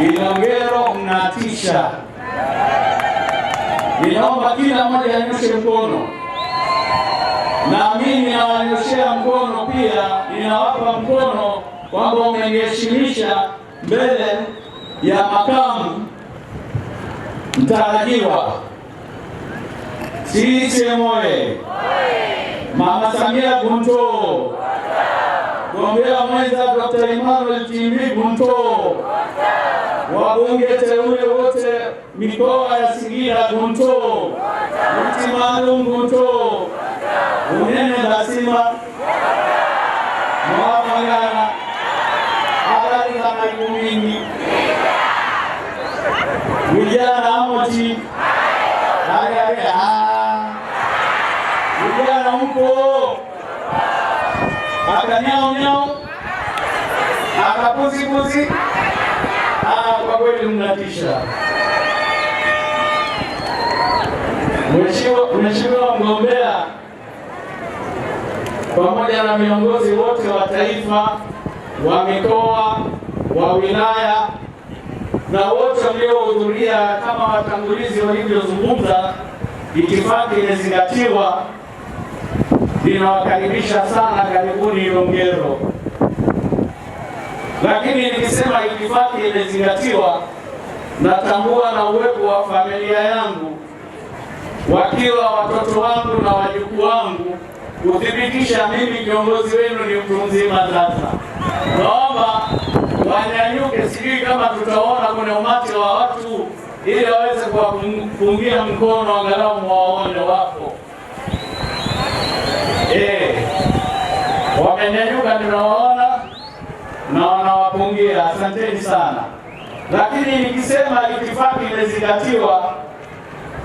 Ilongero mnatisha. Ninaomba kila mmoja anyoshe mkono, na mimi nawanyoshea mkono pia, ninawapa mkono kwamba umeniheshimisha mbele ya makamu mtarajiwa. CCM oye! Mama Samia Gunto, gombea mwenza Dr. Emmanuel Timbi Gunto wabunge teule wote mikoa ya Singida, Gunto, mti maalum Gunto, Unene, Dasima, Mwamagana. Habari za karibu mingi, vijana amoti vijana mpo akanyao nyao akapuzipuzi Ah, kwa kweli mnatisha, Mheshimiwa mgombea, pamoja na viongozi wote wa taifa, wa mikoa, wa wilaya na wote mliohudhuria. Kama watangulizi walivyozungumza, itifaki imezingatiwa. Ninawakaribisha sana, karibuni Ilongero. Lakini nikisema itifaki imezingatiwa, natambua na uwepo wa familia yangu, wakiwa watoto wangu na wajukuu wangu, kuthibitisha mimi kiongozi wenu ni mtu mzima. Sasa naomba wanyanyuke, sijui kama tutaona kwenye umati wa watu, ili waweze kuwapungia mkono, angalau waone wapo. Eh, wamenyanyuka, tunawaona na wanawapongea, asanteni sana. Lakini nikisema itifaki imezingatiwa,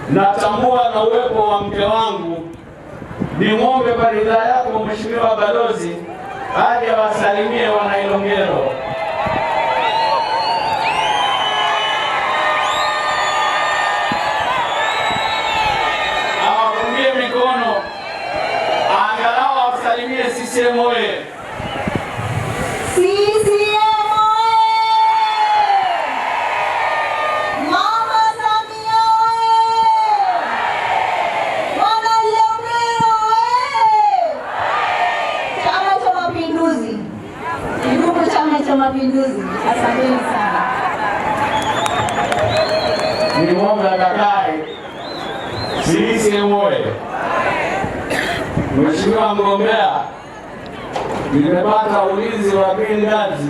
natambua na uwepo wa mke wangu. Nimwombe kwa ridhaa yako Mheshimiwa Balozi aje wasalimie wana Ilongero. Awapungie mikono, angalau awasalimie CCM kakai CCM oye! Mheshimiwa mgombea, nimepata ulinzi wa bindazi,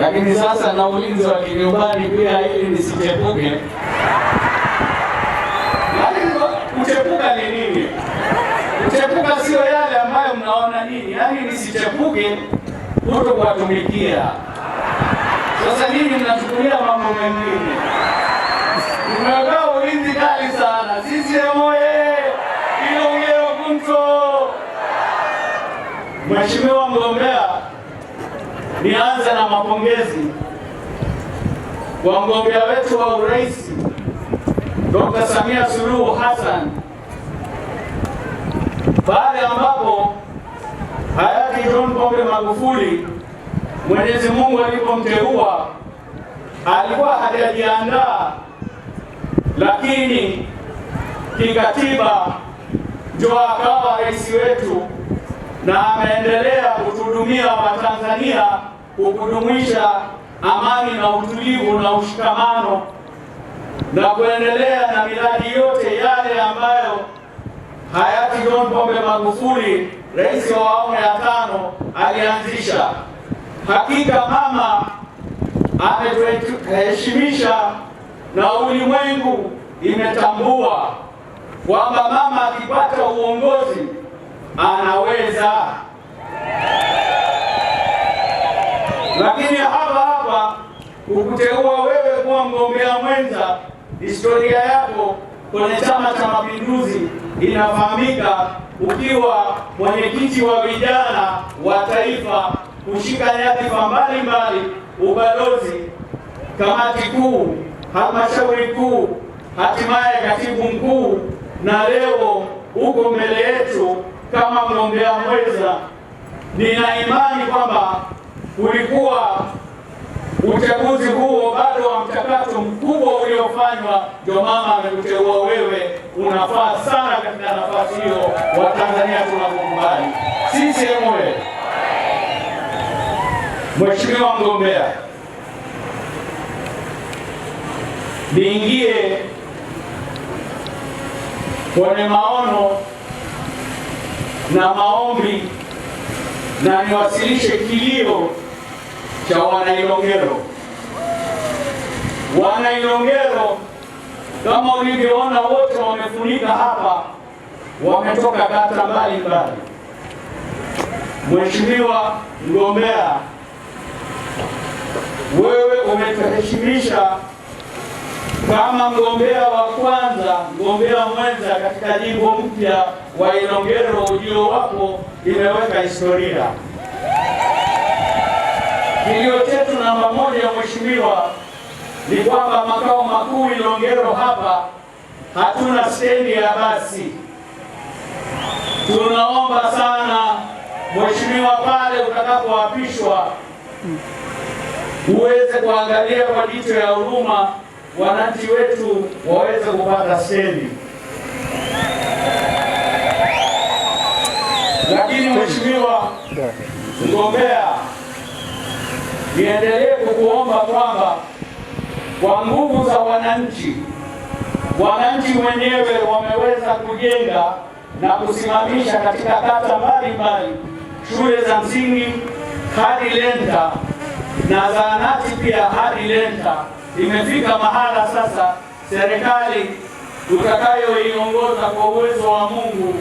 lakini sasa na ulinzi wa kinyumbani pia, ili nisichepuke. Lakini kuchepuka ni nini? Kuchepuka sio yale ambayo mnaona nini, yaani nisichepuke kuto kuwatumikia. Sasa nini mnachukulia mambo mengine tunatoa ulinzi kali sana sisi moye Ilongero Kunto. Mheshimiwa mgombea, nianze na mapongezi kwa mgombea wetu wa urais Dr. Samia Suluhu Hassan pale ambapo hayati John Pombe Magufuli Mwenyezi Mungu alipomteua alikuwa hajajiandaa lakini kikatiba ndio akawa rais wetu na ameendelea kutuhudumia Watanzania kukudumisha amani na utulivu na ushikamano na kuendelea na miradi yote yale ambayo hayati John Pombe Magufuli rais wa awamu ya tano alianzisha. Hakika mama ametuheshimisha na ulimwengu imetambua kwamba mama akipata uongozi anaweza. Lakini hapa hapa kukuteua wewe kuwa mgombea mwenza, historia yako kwenye Chama cha Mapinduzi inafahamika ukiwa mwenyekiti wa vijana wa taifa, kushika nyadhifa mbalimbali, ubalozi, kamati kuu halmashauri kuu, hatimaye katibu mkuu, na leo huko mbele yetu kama mgombea mweza, Nina imani kwamba kulikuwa uchaguzi huo bado wa mchakato mkubwa uliofanywa, ndio mama amekuteua wewe, unafaa sana katika nafasi hiyo. Watanzania tunakukubali sisi. Mwe Mheshimiwa mgombea viingie kwenye maono na maombi na niwasilishe kilio cha Wanailongero. Wanailongero kama ulivyoona wote wamefunika hapa, wametoka kata mbalimbali. Mheshimiwa mgombea, wewe umetuheshimisha kama mgombea wa kwanza, mgombea mwenza katika jimbo mpya wa Ilongero. Ujio wapo imeweka historia. Kilio chetu namba moja, mheshimiwa, ni kwamba makao makuu Ilongero hapa hatuna stendi ya basi. Tunaomba sana mheshimiwa, pale utakapoapishwa uweze kuangalia kwa jicho ya huruma wananchi wetu waweze kupata seli. Lakini mheshimiwa mgombea, niendelee kukuomba kwamba kwa nguvu za wananchi, wananchi wenyewe wameweza kujenga na kusimamisha katika kata mbalimbali shule za msingi hadi lenta na zahanati pia hadi lenta imefika mahala sasa serikali tutakayoiongoza kwa uwezo wa Mungu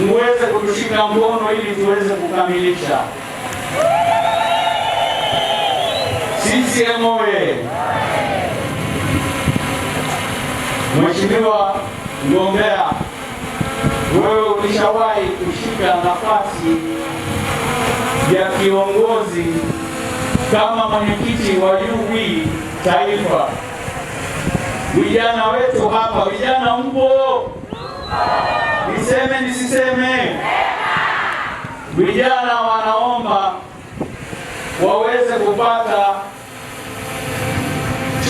muweze kutushika mkono ili tuweze kukamilisha. CCM oye! Mheshimiwa mgombea, wewe ulishawahi kushika nafasi ya kiongozi kama mwenyekiti wa UV Taifa. Vijana wetu hapa, vijana mpo? Niseme nisiseme? Vijana wanaomba waweze kupata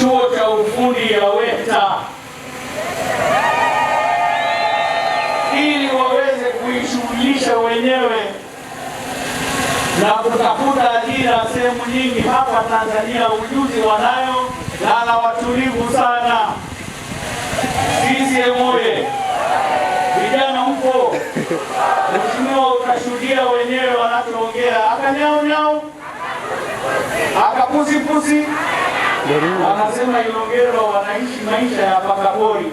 chuo cha ufundi ya WETA ili waweze kuishughulisha wenyewe na kutafuta ajira sehemu nyingi hapa Tanzania. Ujuzi wanayo na na watulivu sana. CCM oye! Vijana huko, mheshimiwa, utashuhudia wenyewe wanachoongea, akanyaunyau akapusipusi, wanasema Ilongero wanaishi maisha ya pakapori.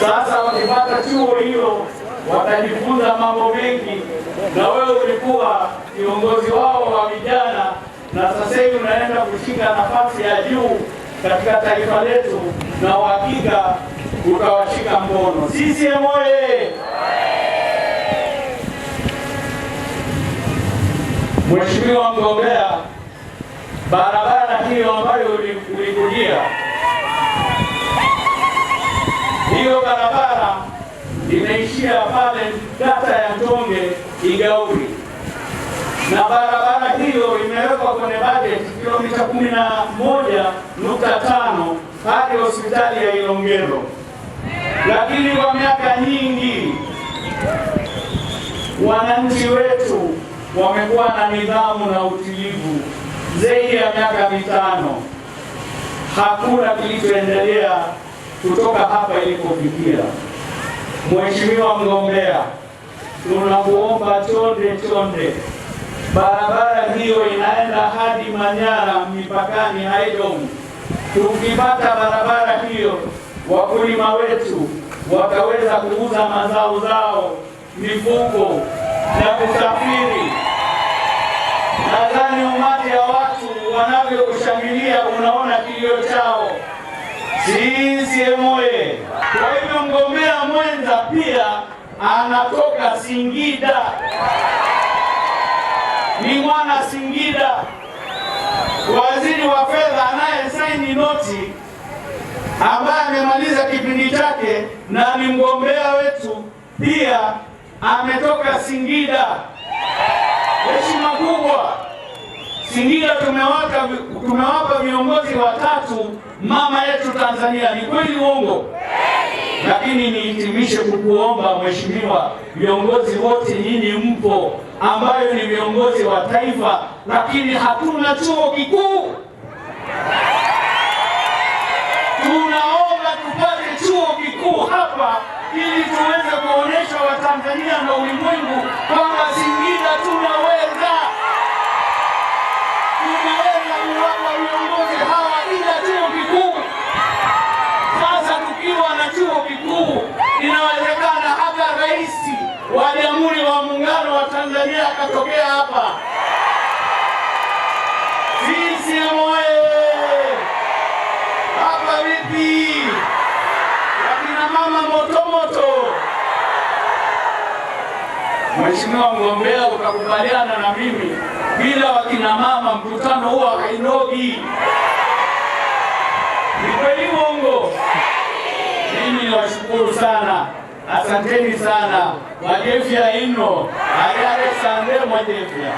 Sasa wakipata chuo hilo watajifunza mambo mengi, na wewe ulikuwa kiongozi wao wa vijana, na sasa hivi unaenda kushika nafasi ya juu katika taifa letu, na uhakika utawashika mkono. CCM oye! Mheshimiwa mgombea, barabara hiyo ambayo ulikujia hiyo barabara imeishia pale kata ya Njonge Igauri, na barabara hiyo imewekwa kwenye bajeti kilomita tano hadi hospitali ya Ilongero, lakini kwa miaka nyingi wananchi wetu wamekuwa na nidhamu na utulivu zaidi ya miaka mitano. Hakuna kilichoendelea kutoka hapa ilipofikia. Mheshimiwa mgombea, tunakuomba chonde chonde, barabara hiyo inaenda hadi Manyara mipakani Haidom. Tukipata barabara hiyo, wakulima wetu wataweza kuuza mazao zao, mifugo na kusafiri. Nadhani umati ya watu wanavyokushangilia, unaona kilio chao. CCM Mwanza pia anatoka Singida, ni mwana Singida. Waziri wa fedha saini noti ambaye amemaliza kipindi chake na ni mgombea wetu pia ametoka Singida. Heshima kubwa Singida tumewapa, tumewapa viongozi watatu mama yetu Tanzania. Ni kweli uongo? Lakini nihitimishe kukuomba mheshimiwa, viongozi wote nyinyi mpo, ambayo ni viongozi wa taifa, lakini hatuna chuo kikuu. Tunaomba tupate chuo kikuu hapa ili tuweze kuonyesha Watanzania na ulimwengu kwamba Singida tunaweza, tunaweza kuwapa viongozi wa Jamhuri wa Muungano wa Tanzania akatokea hapa Sisi oye! Hapa vipi akina mama motomoto? Mheshimiwa mgombea, ukakubaliana na mimi, bila wakina mama mkutano huo hainogi. Ni kweli uongo? Mimi niwashukuru sana Asanteni sana. Mwajevya ino ayare sande mwajevya